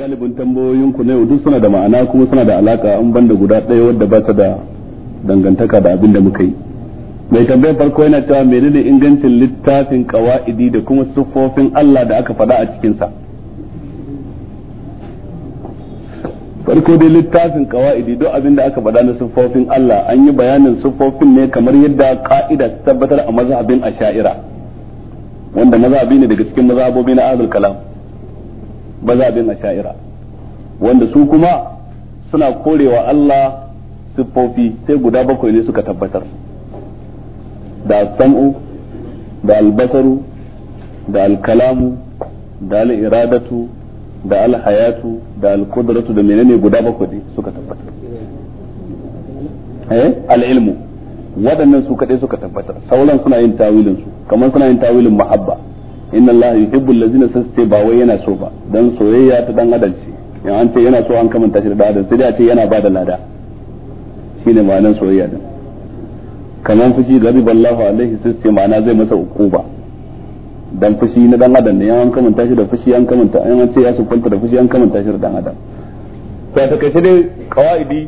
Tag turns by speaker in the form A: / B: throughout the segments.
A: galibin tambayoyin ku na yau duk suna da ma'ana kuma suna da alaka an banda guda ɗaya wadda ba ta da dangantaka da abin da muka yi mai tambayar farko yana cewa menene ingancin littafin qawaidi da kuma siffofin Allah da aka faɗa a cikin sa farko dai littafin qawaidi duk abin da aka faɗa na siffofin Allah an yi bayanin siffofin ne kamar yadda ka'ida ta tabbatar a mazhabin asha'ira wanda mazhabi ne daga cikin mazhabobi na ahlul kalam mazhabin asha'ira wanda su kuma suna korewa Allah siffofi sai guda bakwai ne suka tabbatar da sam'u da albasaru da alkalamu da al'iradatu da alhayatu da alkudratu da menene guda bakwai ne suka tabbatar eh al'ilmu waɗannan su kaɗai suka tabbatar sauran suna yin tawilin su kamar suna yin tawilin mahabba inna allaha yuhibbul ladzina sasta ba wai yana so ba dan soyayya ta dan adalci in an ce yana so an kamanta shi da adalci adam sai dai a ce yana ba da lada shine ma'anar soyayya din kaman fushi gabi ballahu alaihi sasta ce ma'ana zai masa ba dan fushi na dan adam ne an kamanta shi da fushi an kamanta an ce ya sukunta da fushi an kamanta shi da dan adam ta kai dai kawaidi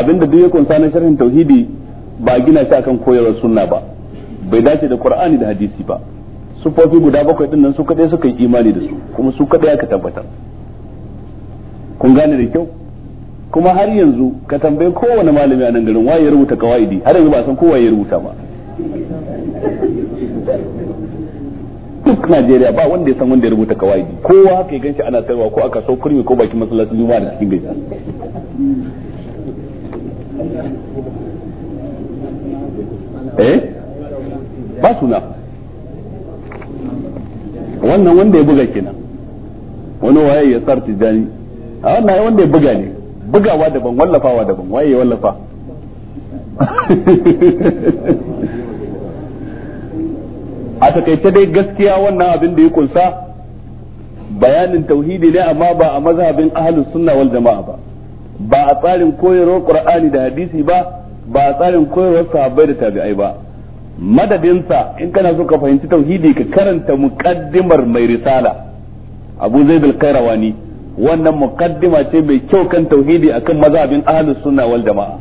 A: abinda duk ya kunsa na sharhin tauhidi ba gina shi akan koyarwar sunna ba bai dace da qur'ani da hadisi ba sufofi guda bakwai din nan su kadai suka yi imani da su kuma su kadai aka tabbatar kun gane da kyau kuma har yanzu ka tambaye kowane malami a nan garin waye ya rubuta kawaidi har yanzu ba san kowa ya rubuta ba duk Najeriya ba wanda ya san wanda ya rubuta kawaidi kowa haka ya ganshi ana tarwa ko aka so kurmi ko bakin masallacin juma'a da cikin gari
B: eh ba suna wannan
A: wanda ya buga kenan wani waye ya sar tijani a wannan ya wanda ya buga ne bugawa daban wallafawa daban waye ya wallafa a takaice dai gaskiya wannan abin da ya kunsa bayanin tauhidi ne amma ba a mazhabin ahlus sunna wal jama'a ba ba a tsarin koyarwar qur'ani da hadisi ba ba a tsarin koyarwar sahabbai da tabi'ai ba madadinsa in kana so ka fahimci tauhidi ka karanta muqaddimar mai risala abu zaid al qairawani wannan muqaddima ce mai kyau kan tauhidi akan mazhabin ahlus sunna wal jamaa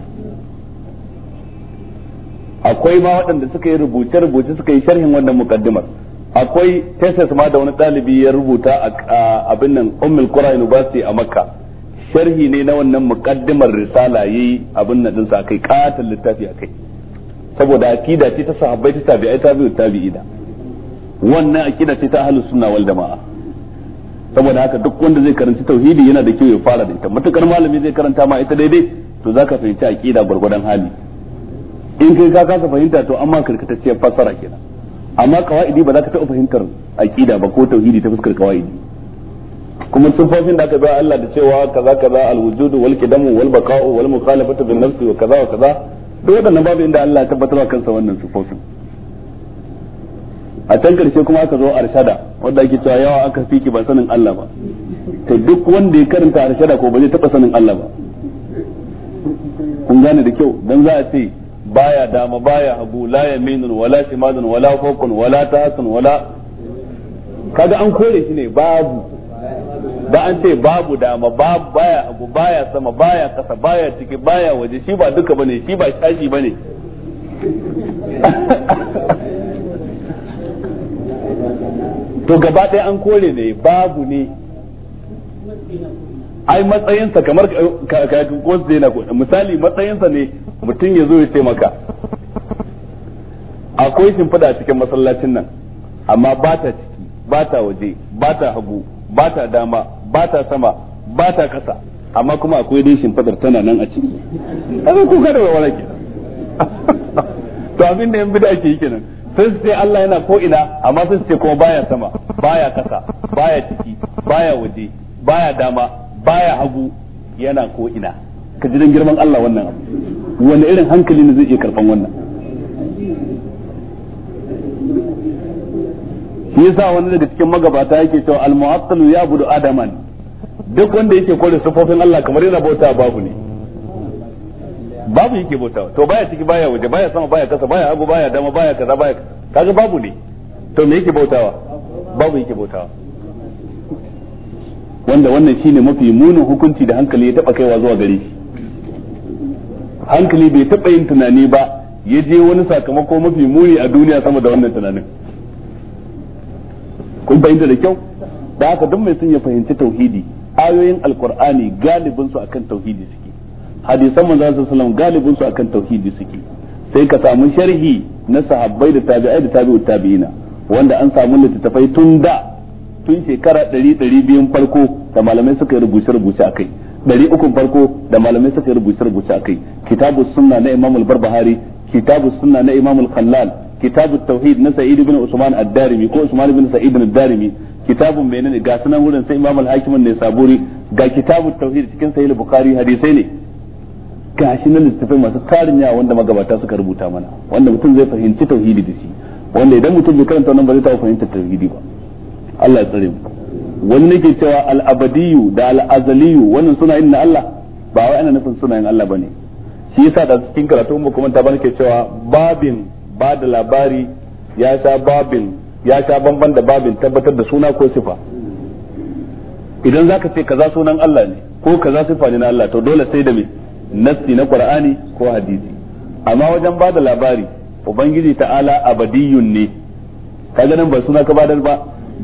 A: akwai ma waɗanda suka yi rubuce rubuce suka yi sharhin wannan muqaddimar akwai tesis ma da wani ɗalibi ya rubuta a abin nan ummul qura university a makka sharhi ne na wannan muqaddimar risala yayi abin nan din sa kai katal littafi akai saboda akida ce ta sahabbai ta tabi'ai tabi'u tabi'ina wannan akida ce ta ahlus sunna wal jama'a saboda haka duk wanda zai karanci tauhidi yana da kyau ya fara da ita matukar malami zai karanta ma ita daidai to zaka fahimci akida gurgurdan hali in kai ka kasa fahimta to amma karkatacciyar fassara kenan amma kawaidi ba za ka taɓa fahimtar aqida ba ko tauhidi ta fuskar kawaidi kuma sun da aka bayar Allah da cewa kaza kaza alwujudu wal qidamu wal baqa'u wal mukhalafatu bin nafsi wa kaza wa kaza duk waɗannan babu inda Allah ya tabbatar kansa wannan sufofin a can karshe kuma aka zo arshada wanda ake cewa yawa aka fiki ba sanin Allah ba to duk wanda ya karanta arshada ko ba zai taba sanin Allah ba kun gane da kyau dan za a ce baya dama baya hagu la yaminun wala shimalun wala fawqun wala ta'asun wala kaga an kore shi ne babu da an ce babu dama babu baya abu baya sama baya kasa baya ciki baya waje shi ba duka bane shi ba shashi bane to gaba ɗaya an kore ne babu ne ai matsayinsa kamar kakin ko su na misali matsayinsa ne mutum ya zo ya ce maka akwai shimfiɗa cikin masallacin nan amma ba ta ciki ba ta waje ba ta hagu ba ta dama ba ta sama ba ta kasa amma kuma akwai dai shimfadar tana nan a ciki kaza ku kada wala ke to abin da yan bid'a ake yi kenan sai su Allah yana ko ina amma sai su ce kuma baya sama baya kasa baya ciki baya waje baya dama baya hagu yana ko ina ka ji girman Allah wannan abu wanda irin hankali ne zai iya karban wannan shi yasa wani daga cikin magabata yake cewa al ya budu adaman duk wanda yake kore sufofin Allah kamar yana bauta babu ne babu yake bauta to baya ciki baya waje baya sama baya kasa baya abu baya dama baya kaza baya kaga babu ne to me yake bautawa babu yake bautawa wanda wannan shine mafi munin hukunci da hankali ya taba kaiwa zuwa gare shi hankali bai taba yin tunani ba ya je wani sakamako mafi muni a duniya sama da wannan tunanin kun bayyana da kyau da haka duk mai son ya fahimci tauhidi ayoyin alqur'ani galibin su akan tauhidi suke hadisan manzo sallallahu alaihi wasallam galibin su akan tauhidi suke sai ka samu sharhi na sahabbai da tabi'ai da tabi'ut tabi'ina wanda an samu littattafai tun da tun shekara 100-200 farko da malamai suka yi rubuce-rubuce a kai 300 farko da malamai suka yi rubuce-rubuce a kai kitabu sunna na imamul barbahari kitabu sunna na imamul khallal kitabut tauhid na sa'id ibn usman ad-darimi ko usman ibn sa'id ad-darimi kitabun menene ga sunan wurin sai imam al ne saburi ga kitabut tauhid cikin sahih bukhari hadisai ne gashi na littafai masu tarin yawa wanda magabata suka rubuta mana wanda mutum zai fahimci tauhidi da shi wanda idan mutum bai karanta wannan ba zai taɓa fahimtar tauhidi ba Allah ya tsare mu wani nake cewa al-abadiyu da al-azaliyu wannan suna yin na Allah ba wai ana nufin sunayen Allah bane shi yasa da cikin karatu mu kuma ta bane ke cewa babin ba da labari ya sha babin ya sha bamban da babin tabbatar da suna ko sifa idan za ka ce kaza sunan Allah ne ko kaza sifa ne na Allah to dole sai da me nassi na Qur'ani ko hadisi amma wajen ba da labari ubangiji ta'ala abadiyun ne ka ganin ba suna ka badar ba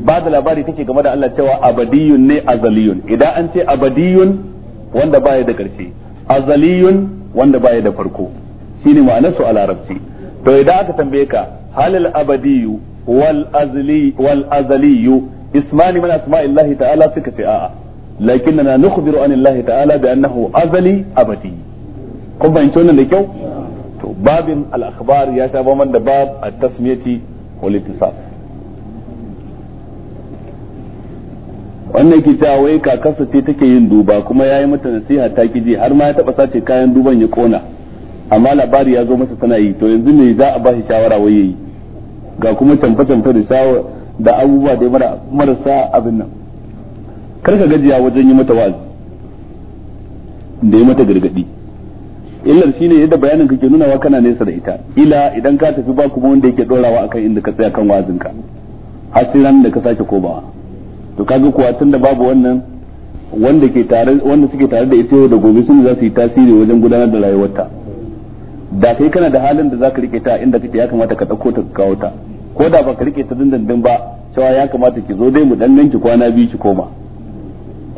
A: ba da labari take game da Allah cewa abadiyun ne azaliyun idan an ce abadiyun wanda baya da ƙarshe azaliyun wanda baya da farko shine ma'anar su a larabci to idan aka tambaye ka halal abadiyu wal azli wal azaliyu ismani min asma'illahi ta'ala suka ce a'a lakinna nukhbiru allah ta'ala bi annahu azali abadi kun bayyana wannan da kyau to babin al akhbar ya sha bamban da bab at tasmiyati wal ittisab wannan ke ta wai kakarsa ce take yin duba kuma yayi mata nasiha ta kiji har ma ya taba sace kayan duban ya kona amma labari ya zo masa tana yi to yanzu ne za a bashi shawara wai yayi ga kuma tamfe-tamfe da shawara da abubuwa da mara marasa abin nan kar gajiya wajen yi mata wa'azi da yi mata gargadi illar shine yadda bayanin kake nuna wa kana nesa da ita ila idan ka tafi ba kuma wanda yake dorawa akan inda ka tsaya kan ka har sai ran da ka sake komawa to kaga kuwa tunda babu wannan wanda ke tare wanda suke tare da ita yau da gobe sun za su yi tasiri wajen gudanar da rayuwarta da kai kana da halin da zaka rike ta inda kake ya kamata ka dauko ta ka kawo ta ko da baka rike ta dindindin ba cewa ya kamata ki zo dai mu dan nan ki kwana biyu ki koma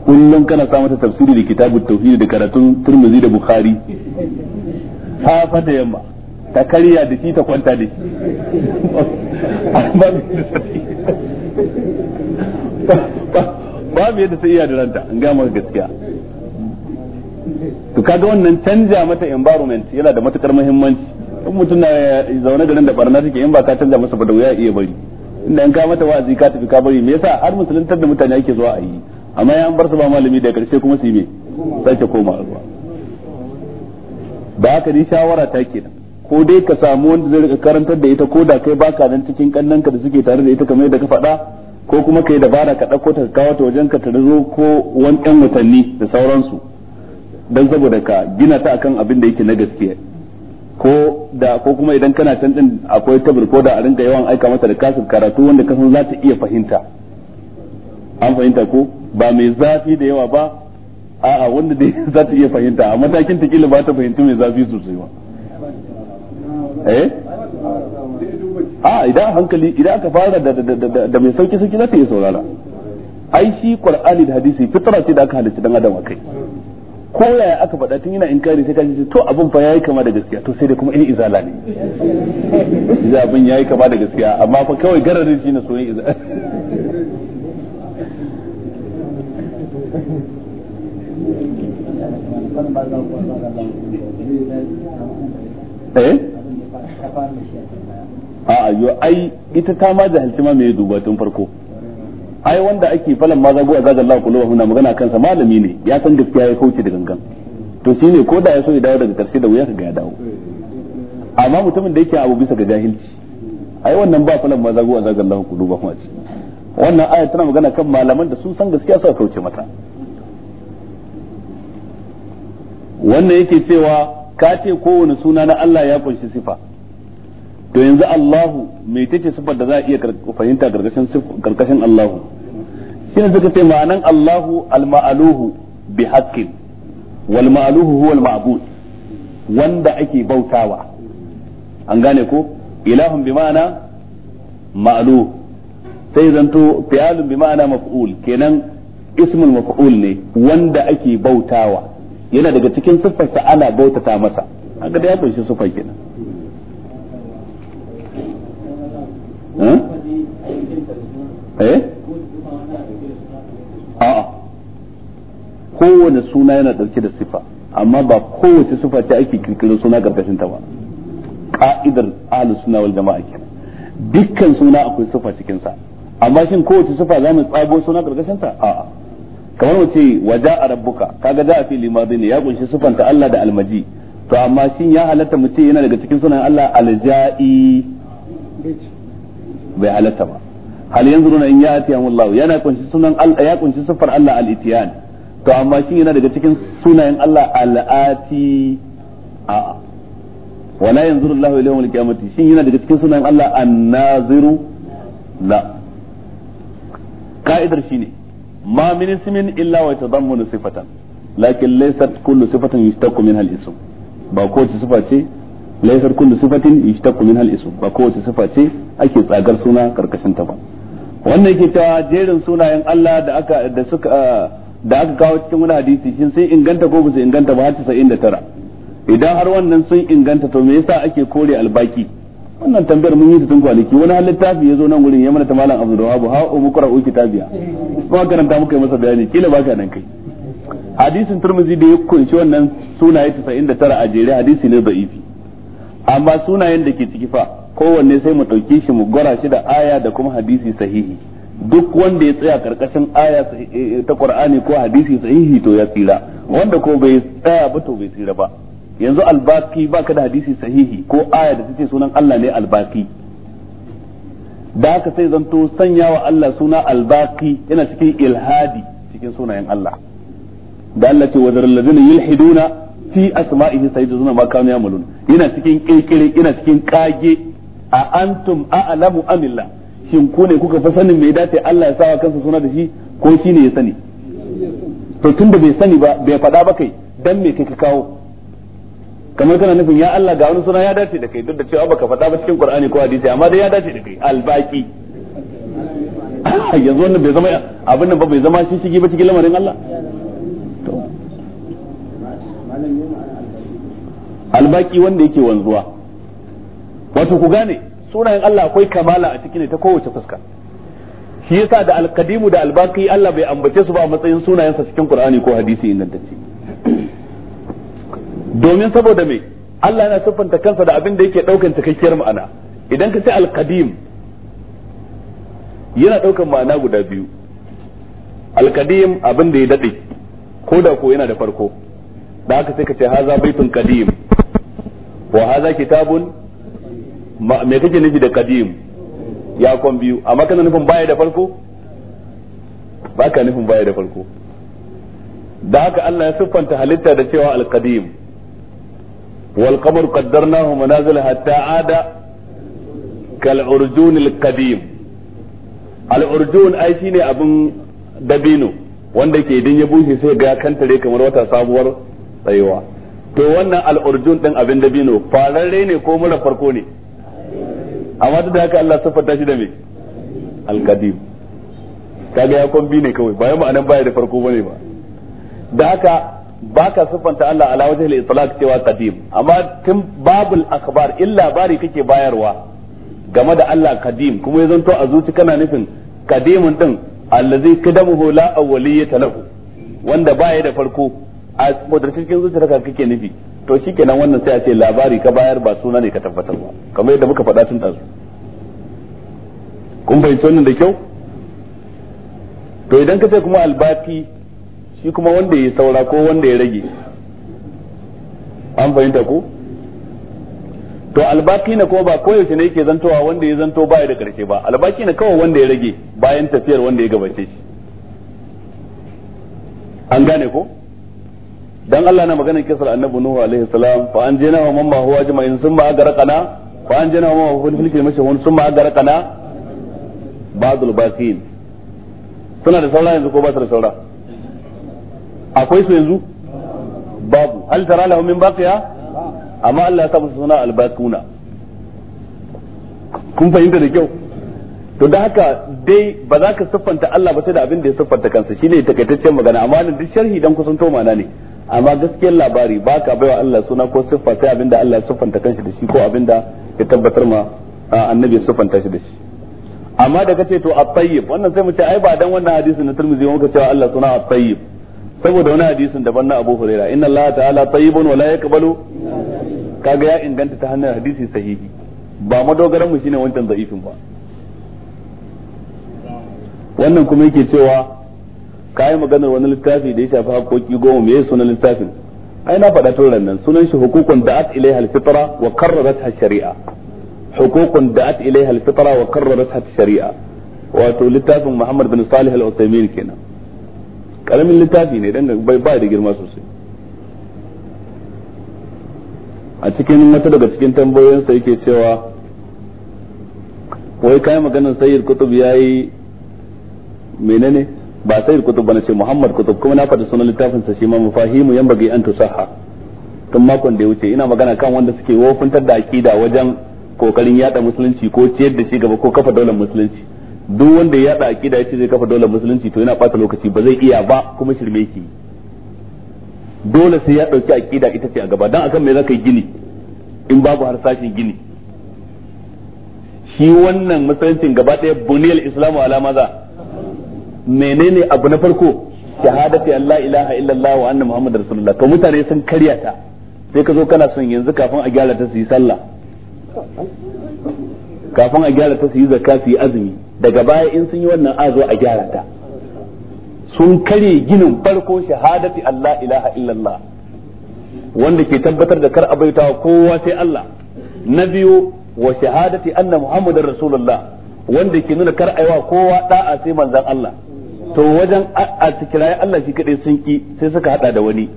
A: kullum kana sa mata tafsiri da kitabut tauhid da karatun Tirmidhi da Bukhari ta fata yamma ta karya da shi ta kwanta da shi mu yadda sai iya da ranta in ga maka gaskiya to kaga wannan canja mata environment yana da matukar muhimmanci in mutum na zaune garin da barna take in ba ka canja masa ba da wuya iya bari inda in ka mata wa'azi ka tafi ka bari me yasa har musuluntar da mutane ake zuwa a yi amma ya bar su ba malami da karshe kuma su yi me sake koma zuwa da haka ni shawara ta ke ko dai ka samu wanda zai rika karantar da ita ko da kai baka nan cikin kannanka da suke tare da ita kamar yadda ka faɗa ko kuma kai dabara ka ɗauko ta kawo ta wajen ka ta zo ko wani ɗan watanni da sauransu dan saboda ka gina ta akan abin da yake na gaskiya ko da ko kuma idan kana can din akwai tabir ko da a rinka yawan aika mata da kasar karatu wanda ka san za ta iya fahimta an fahimta ko ba mai zafi da yawa ba a'a wanda dai za ta iya fahimta a matakin ta kila ba ta fahimci mai zafi sosai
B: ba eh
A: a idan hankali idan aka fara da da mai sauki sauki za ta iya saurara ai shi qur'ani da hadisi fitra ce da aka halitta dan adam akai ko yaya aka faɗa tun yana inkari sai kaji to abin fa yayi kama da gaskiya to sai dai kuma in izala ne idan abin yayi kama da gaskiya amma fa kawai gararin shine so ne izala eh a'a ayo ai ita ta ma jahilci ma me duba tun farko ai wanda ake falan ma zago a gazallahu kullu na magana kansa malami ne ya san gaskiya ya kauce da gangan to shine ko da ya so ya dawo daga karshe da wuya ka ga ya dawo amma mutumin da yake abu bisa ga jahilci ai wannan ba falan ma zago a Allah kullu ba kuma wannan aya tana magana kan malaman da su san gaskiya suka kauce mata wannan yake cewa ka ce kowane suna na Allah ya kunshi sifa to yanzu Allahu me take sifar da za a iya fahimta karkashin karkashin Allahu shine suka ce ma'anan Allahu al-ma'aluhu bi haqqin wal ma'aluhu huwa al-ma'bud wanda ake bautawa an gane ko ilahun bi ma'ana ma'aluhu sai zanto fi'alun bi ma'ana maf'ul kenan ismul maf'ul ne wanda ake bautawa yana daga cikin siffarsa ana bautata masa haka da ya kunshi siffar kenan eh kowane suna yana ɗauke da sifa amma ba kowace sifa ce ake kirkiro suna karkashin ta ba ka'idar ahlus sunna wal jama'a kenan dukkan suna akwai sifa cikin sa amma shin kowace sifa zamu tsago suna karkashin ta a'a kamar mu ce waja'a rabbuka kaga da fi limadin ya kunshi ta Allah da almaji to amma shin ya halatta mu ce yana daga cikin sunan Allah alja'i bai halatta ba hal yanzu in ya atiya wallahu yana kunshi sunan Allah ya kunshi sifar Allah al-itiyan to amma shi yana daga cikin sunayen Allah al'ati a wala yanzuru Allahu ilayhim al-qiyamati shi yana daga cikin sunayen Allah an-naziru la ka'idar shine ma min ismin illa wa yatadammanu sifatan lakin laysat kullu sifatin yushtaqu minha al-ism ba kowace sifa ce laysat kullu sifatin yushtaqu minha al-ism ba kowace sifa ce ake tsagar suna karkashin ta ba wannan yake ta jerin sunayen Allah da aka da suka da aka kawo cikin wani hadisi shin sun inganta ko su inganta ba har tara idan har wannan sun inganta to me yasa ake kore albaki wannan tambayar mun yi ta tun kwanaki wani halin tafi ya zo nan gurin ya mana ta malam abdul wahab ha o mu qara'u kitabiya kuma karanta muka yi masa bayani kila baka nan kai hadisin turmizi da ya kunshi wannan sunaye 99 a jere hadisi ne da'ifi amma sunayen da ke ciki fa kowanne sai mu ɗauke shi mu gwara shi da aya da kuma hadisi sahihi duk wanda ya tsaya karkashin aya eh, eh, ta qur'ani ko hadisi sahihi to ya tsira wanda ko bai tsaya ba to bai tsira ba yanzu albaki baka da hadisi sahihi ko aya da take sunan Allah ne albaki da haka sai zanto sanya wa Allah suna albaki yana cikin ilhadi cikin sunayen Allah da Allah ce wazar allazina yulhiduna fi asma'ihi sayyiduna ma kanu yamalun yana cikin kirkire yana cikin kage a antum a'lamu amillah shin ko ne kuka fa sanin me dace Allah ya sa kansa suna da shi ko shi ne ya sani to tunda bai sani ba bai faɗa ba kai dan me kai ka kawo kamar kana nufin ya Allah ga wani suna ya dace da kai duk da cewa baka faɗa ba cikin Qur'ani ko hadisi amma dai ya dace da kai albaki yanzu wannan bai zama abin nan ba bai zama shi shige ba cikin lamarin Allah albaki wanda yake wanzuwa wato ku gane sunayen Allah akwai kamala a cikin ta kowace fuska shi yasa da alkadimu da albaki Allah bai ambace su ba a matsayin sunayensa cikin Qur'ani ko hadisi ingantacce domin saboda me Allah yana siffanta kansa da abin da yake daukan cikakkiyar ma'ana idan ka ce alkadim yana daukan ma'ana guda biyu alkadim abin da ya dade ko da ko yana da farko da haka sai ka ce haza baitun kadim wa haza kitabun me kake nufi da kadim ya kon biyu amma kana nufin baya da farko ba ka nufin baya da farko da haka Allah ya siffanta halitta da cewa al-qadim wal qamar qaddarnahu manazil hatta ada kal urjun al-qadim al urjun ai shine abin dabino wanda ke idan ya bushe sai ga kantare kamar wata sabuwar tsayuwa to wannan al urjun din abin dabino fararre ne ko mura farko ne amma duk da haka Allah siffanta shi da me al kaga ya kombi ne kawai bayan ma'anan baya da farko bane ba da haka baka siffanta Allah ala wajhil itlaq cewa qadim amma tun babul akhbar illa bari kake bayarwa game da Allah qadim kuma ya to a zuci kana nufin qadimun din allazi kadamuhu la awwaliyata lahu wanda baya da farko a cikin zuciyarka kake nufi to shikenan wannan sai a ce labari ka bayar ba suna ne ka tabbatar ba kamar yadda muka faɗa tun ɗansu kun fahimci wannan da kyau to idan ka ce kuma albaki shi kuma wanda ya saura ko wanda ya rage an fahimta ku to albaki na ko ba koyaushe ne yake zantowa wanda ya zanto baya da karshe ba albaki na kawai wanda ya rage bayan tafiyar wanda ya gabace shi an gane ko dan Allah na maganar kisar annabi nuhu alaihi salam fa an jina wa mamma huwa jama'in sun ma agarqana fa an jina wa mamma huwa filki mashahun sun ma agarqana ba'dul baqin suna da saura yanzu ko ba su da saura akwai su yanzu babu hal tara lahum min baqiya amma Allah ya tabbata suna albaquna kun fahimta da kyau to da haka dai ba za ka siffanta Allah ba sai da abin da ya siffanta kansa shine takaitaccen magana amma duk sharhi dan kusan to mana ne amma gaskiyar labari ba ka baiwa Allah suna ko siffa sai abinda Allah ya siffanta kanshi da shi ko abinda ya tabbatar ma annabi ya siffanta shi da shi amma da kace to at-tayyib wannan sai mu ce ai ba dan wannan hadisin na Tirmidhi ka cewa Allah suna at-tayyib saboda wani hadisin daban na Abu Huraira inna Allah ta'ala tayyibun wa la yaqbalu kaga ya inganta ta hannun hadisi sahihi ba madogaran mu shine wancan da'ifin ba wannan kuma yake cewa kayi maganar wani littafi da ya shafi haƙoƙi goma me sunan littafin ai na faɗa tun nan sunan shi hukukun da'at ilaiha alfitara fitra wa ha shari'a hukukun da'at ilaiha al-fitra wa ha shari'a wato littafin Muhammad bin Salih al-Utsaimin kenan karamin littafi ne dan bai ba da girma sosai a cikin wata daga cikin tambayoyinsa yake cewa wai kai maganar sayyid kutub yayi menene ba sayyid kutub bane ce muhammad kutub kuma na faɗi sunan littafin sa shi ma mafahimu yan bagi an tusaha tun makon da ya wuce ina magana kan wanda suke wofintar da akida wajen kokarin yada musulunci ko ciyar da shi gaba ko kafa daular musulunci duk wanda ya yada akida yace zai kafa daular musulunci to yana bata lokaci ba zai iya ba kuma shirme yake dole sai ya dauki akida ita ce a gaba dan akan me zaka yi gini in babu harsashin gini shi wannan musulunci gaba daya buniyal islamu ala maza menene abu na farko shahada fi Allah ilaha illallah wa anna muhammadar rasulullah to mutane sun karya ta sai ka zo kana son yanzu kafin a gyara ta su yi sallah kafin a gyara ta su yi zakka su yi azumi daga baya in sun yi wannan azo a gyara ta sun karye ginin farko shahada fi Allah ilaha illallah wanda ke tabbatar da kar a baitawa kowa sai Allah na biyu wa shahadati anna muhammadar rasulullah wanda ke nuna kar a yi wa kowa da'a sai manzon Allah to wajen a kirayi Allah shi kadai sun ki sai suka hada da wani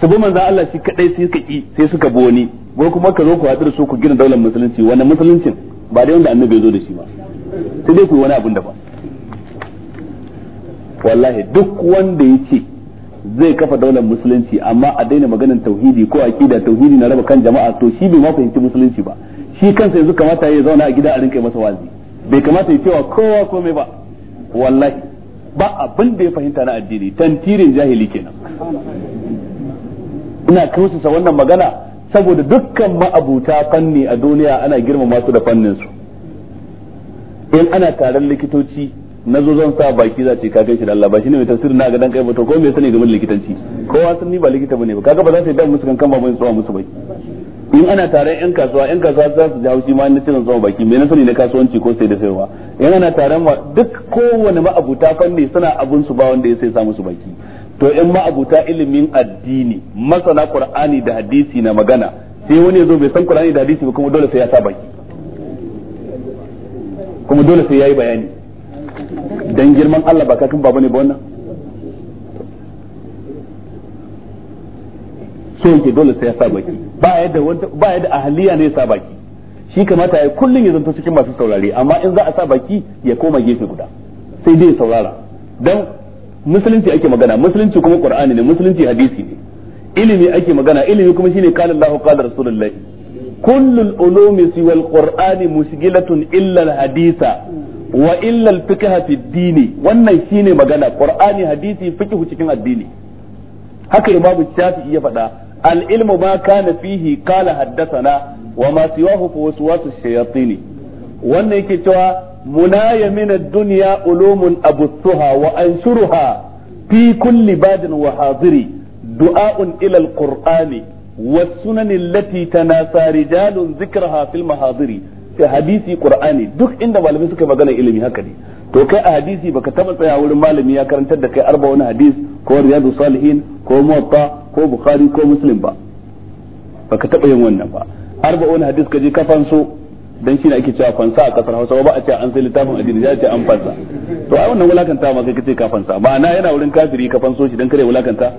A: su bi manzan Allah shi kadai sai suka ki sai suka bi wani wai kuma ka zo ku haɗu da su ku gina daular musulunci wannan musuluncin ba dai wanda annabi ya zo da shi ba sai dai ku wani abun da ba wallahi duk wanda ya ce zai kafa daular musulunci amma a daina maganar tauhidi ko aqida tauhidi na raba kan jama'a to shi bai ma fahimci musulunci ba shi kansa yanzu kamata ya zauna a gida a rinka masa wazi bai kamata ya cewa kowa komai ba wallahi ba abin da ya fahimta na addini tantirin jahili kenan ina kausa wannan magana saboda dukkan ma'abuta fanni a duniya ana girma masu da fannin su in ana taron likitoci na zo zan sa baki za ce ka shi da Allah ba shine mai tafsirin na ga dan kai ba to ko me sani game da likitanci kowa sun ni ba likita bane ba kaga ba za su yi dan musu kan ba mun tsowa musu bai in ana tare yan kasuwa yan kasuwa za su jawo shi ma na cin zama baki mai nasani na kasuwanci ko sai da saiwa in ana tare ma duk kowane ma'abuta fanni suna abun su ba wanda ya sai sa musu baki to in ma'abuta ilimin addini masana qur'ani da hadisi na magana sai wani ya zo bai san qur'ani da hadisi ba kuma dole sai ya sa baki kuma dole sai yayi bayani dan girman Allah ba kakan baba ne ba wannan so yake dole sai ya sa baki ba yadda ba yadda ahliya ne ya sa baki shi kamata ya kullun ya zanto cikin masu saurare amma in za a sa baki ya koma gefe guda sai dai ya saurara dan musulunci ake magana musulunci kuma qur'ani ne musulunci hadisi ne ilimi ake magana ilimi kuma shine qala Allahu qala rasulullahi kullul ulumi siwal qur'ani mushkilatun illa al-hadisa wa illa al-fiqh fi wannan shine magana qur'ani hadisi fiqh cikin addini haka imamu shafi'i ya faɗa العلم ما كان فيه قال حدثنا وما سواه فوسواس الشياطين wannan yake cewa munaya min dunya ulumun abuthuha wa ansuruha fi kulli badin wa hadiri du'a'un ila al-qur'ani والسنن التي تناسى رجال ذكرها في المحاضر a حديث قرآني duk inda malamai suka magana ilimi haka ne to kai a hadisi baka taba tsaya wurin malami ya karantar da kai arba wani hadis ko riyadu salihin ko muwatta ko bukhari ko muslim ba baka taba yin wannan ba wani hadis ka je ka fanso dan shine ake cewa fansa a kasar Hausa ba a ce an sai littafin addini ya ce an fansa to ai wannan wulakanta ma kai kace ka fansa ba na yana wurin kafiri ka fanso shi dan kare wulakanta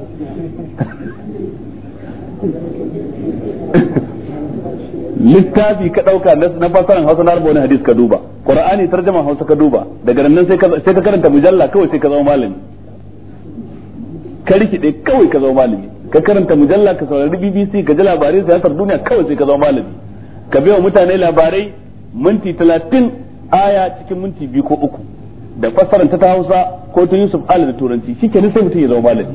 A: littafi ka dauka na fasaran Hausa na wani hadis ka duba Qur'ani tarjuma Hausa ka duba daga nan sai ka sai ka karanta mujalla kawai sai ka zama malami ka rikide kawai ka zama malami ka karanta mujalla ka saurari BBC ka ji labarai siyasar duniya kawai sai ka zama malami ka biya mutane labarai minti talatin aya cikin minti biyu ko uku da fassarar ta Hausa ko ta Yusuf Ali da Turanci shike ne sai mutum ya zama malami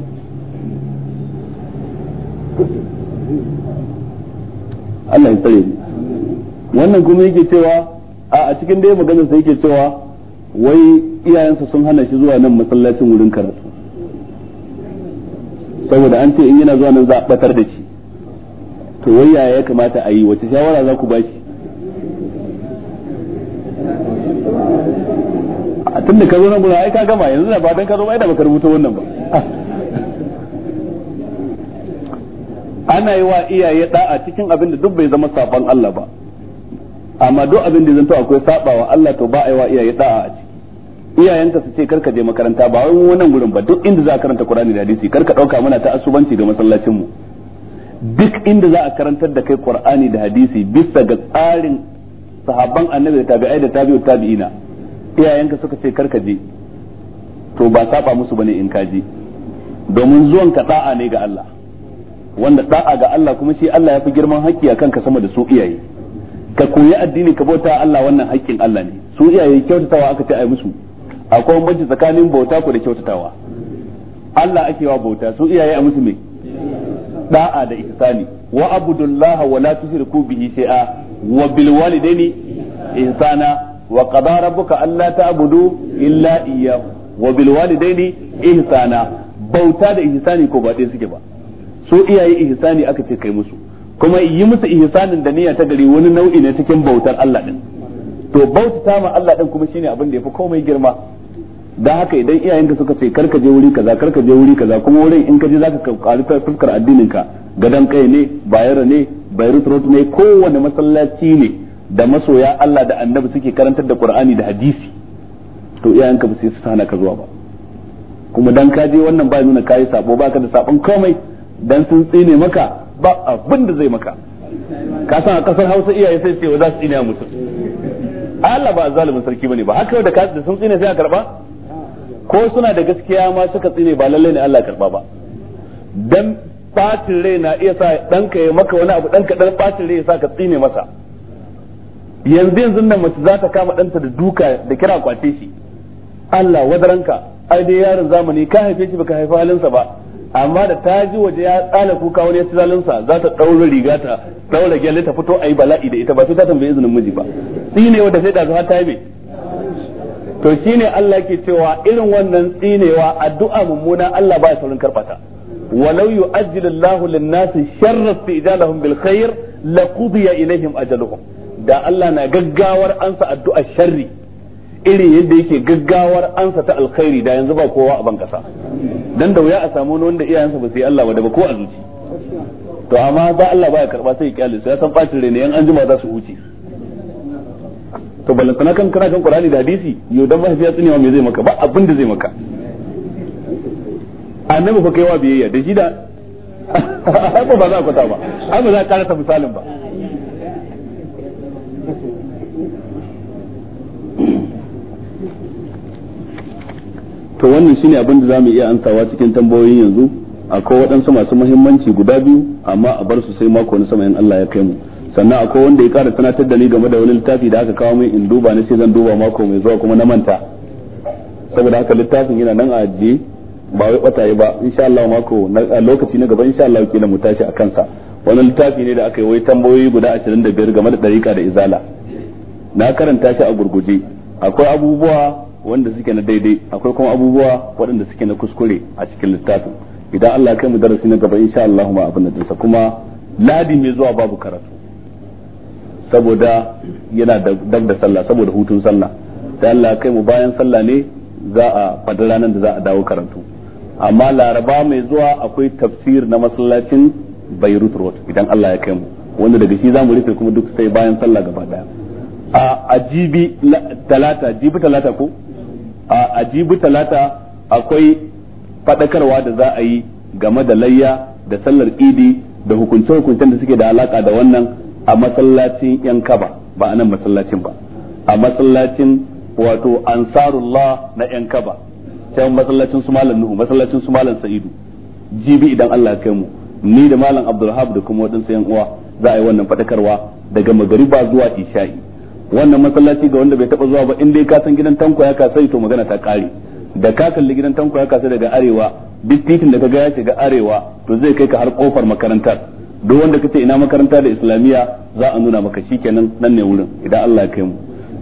A: Allah ya tsare wannan kuma yake cewa a cikin dai maganar sa yake cewa wai iyayensa sun hana shi zuwa nan masallacin wurin karatu saboda an ce in yana zuwa nan za a batar da shi to wai yaya ya kamata a yi wace shawara za ku ba shi a da ka zo nan guda ai ka gama yanzu na ba ka zo ai da baka rubuta wannan ba ana yi wa iyaye da'a cikin abin da duk bai zama saban Allah ba amma duk abin da zanto akwai sabawa Allah to ba a yi wa iyaye da'a a ciki iyayenka su ce karka je makaranta ba wai wannan gurin ba duk inda za a karanta Qur'ani da hadisi karka dauka muna ta asubanci ga masallacin mu duk inda za a karantar da kai Qur'ani da hadisi bisa ga tsarin sahabban annabi da tabi'ai da tabi'ut tabi'ina iyayenka suka ce karka je to ba saba musu bane in ka je domin zuwan ka da'a ne ga Allah wanda da'a ga Allah kuma shi Allah ya fi girman haƙƙi a kanka sama da su iyaye ka koyi addini ka bauta Allah wannan haƙƙin Allah ne su iyaye kyautatawa aka ce ai musu akwai bambanci tsakanin bauta ku da kyautatawa Allah ake wa bauta su iyaye a musu me da'a da ihsani wa abudullaha wa la tushriku bihi shay'a wa bil walidaini ihsana wa qada rabbuka alla ta'budu illa iyyahu wa bil walidaini ihsana bauta da ihsani ko ba ɗaya suke ba su iyaye ihsani aka ce kai musu kuma yi musu ihsanin da niyya ta gari wani nau'i ne cikin bautar Allah din to bautata ma Allah din kuma shine abin da yafi komai girma da haka idan iyayenka suka ce karka je wuri kaza karka je wuri kaza kuma wurin in ka je zaka karu fuskar addinin ka gadan kai ne bayara ne bayrut road ne kowanne masallaci ne da masoya Allah da annabi suke karantar da Qur'ani da hadisi to iyayenka ba sai su hana ka zuwa ba kuma dan ka je wannan ba nuna kai sabo baka da sabon komai dan sun tsine maka ba abin da zai maka ka san a kasar Hausa iyaye sai ce za su tsine mutum Allah ba zalimin sarki bane ba haka da ka da sun tsine sai a karba ko suna da gaskiya ma suka tsine ba lallai ne Allah karba ba dan batin rai na iya sa danka ya maka wani abu danka dan batin rai ya sa ka tsine masa yanzu yanzu nan mace za ta kama danta da duka da kira kwace shi Allah wadaranka ai dai yaron zamani ka haife shi baka haifa halinsa ba amma da ta ji waje ya tsala kuka wani ya ci zalinsa za ta ɗaura riga ta ɗaura gyalle ta fito a yi bala'i da ita ba sai ta tambayi izinin miji ba shi ne wanda sai da zuwa ta yi to ne Allah ke cewa irin wannan tsinewa addu'a mummuna Allah ba ya saurin karfata walau yu'ajjilu Allahu lin-nasi sharra istijalahum bil khair laqudiya ilaihim ajaluhum da Allah na gaggawar ansa addu'a sharri irin yadda yake gaggawar ansa ta alkhairi da yanzu ba kowa a bankasa dan da wuya a samu wanda iyayensa ba su yi Allah ba da ba ko a zuci to amma ba Allah ba ya karba sai ya kyale su ya san bacin rene yan anjima za su huce to sana kan kana kan qur'ani da hadisi yau dan mahaifiya tsinewa me zai maka ba abin da zai maka annabi fa kaiwa biyayya da shi da ko ba za ka ta ba ai ba za ka karasa misalin ba to wannan shine abin da zamu iya ansawa cikin tambayoyin yanzu akwai waɗansu masu muhimmanci guda biyu amma a bar su sai mako na sama in Allah ya kai mu sannan akwai wanda ya kara sanatar da ni game da wani littafi da aka kawo min in duba na sai zan duba mako mai zuwa kuma na manta saboda haka littafin yana nan a ajiye ba wai yi ba insha Allah mako a lokaci na gaba insha Allah kila mu tashi a kansa wani littafi ne da aka yi wai tambayoyi guda 25 game da dariƙa da izala na karanta shi a gurguje akwai abubuwa wanda suke na daidai akwai kuma abubuwa waɗanda suke na kuskure a cikin littafin idan Allah ya kai mu darasi na gaba insha Allah ma abin da kuma ladi mai zuwa babu karatu saboda yana dab da sallah saboda hutun sallah da Allah kai mu bayan sallah ne za a ranar da za a dawo karantu amma laraba mai zuwa akwai tafsir na masallacin Beirut Road idan Allah ya kai mu wanda daga shi za rufe kuma duk sai bayan sallah gaba daya a jibi talata jibi talata ko a jibi talata akwai faɗakarwa da za a yi game da layya da sallar idi da hukunce-hukuncen da suke da alaka da wannan a masallacin yan kaba ba a nan masallacin ba a masallacin wato ansarullah na yan kaba can masallacin su malam nuhu masallacin su malam sa'idu jibi idan Allah ya kai mu ni da malam abdulhab da kuma waɗansu yan uwa za a yi wannan faɗakarwa daga magariba zuwa isha'i wannan masallaci ga wanda bai taba zuwa ba in dai ka san gidan tanko ya kasai to magana ta kare da ka kalli gidan tanko ya kasai daga arewa duk titin da ka ga ya shiga arewa to zai kai ka har kofar makarantar duk wanda kace ina makaranta da islamiyya za a nuna maka shikenan nan ne wurin idan Allah ya kai mu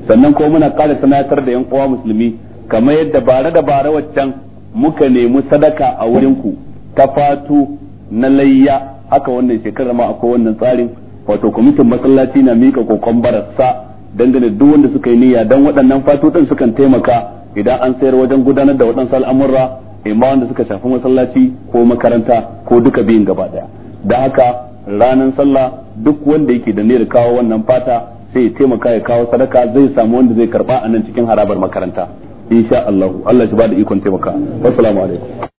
A: sannan ko muna ƙara sanatar da yan uwa musulmi kamar yadda bare da bare waccan muka nemi sadaka a wurin ku ta fatu na layya haka wannan shekarar ma akwai wannan tsarin wato kwamitin masallaci na mika kokon barasa dangane duk wanda suka yi niyya dan waɗannan fatu din sukan taimaka idan an sayar wajen gudanar da waɗansu al'amurra imma wanda suka shafi masallaci ko makaranta ko duka biyun gaba daya da haka ranar sallah duk wanda yake da niyyar kawo wannan fata sai ya taimaka ya kawo sadaka zai samu wanda zai karba a nan cikin harabar makaranta insha Allah Allah shi ba da ikon taimaka assalamu
B: alaikum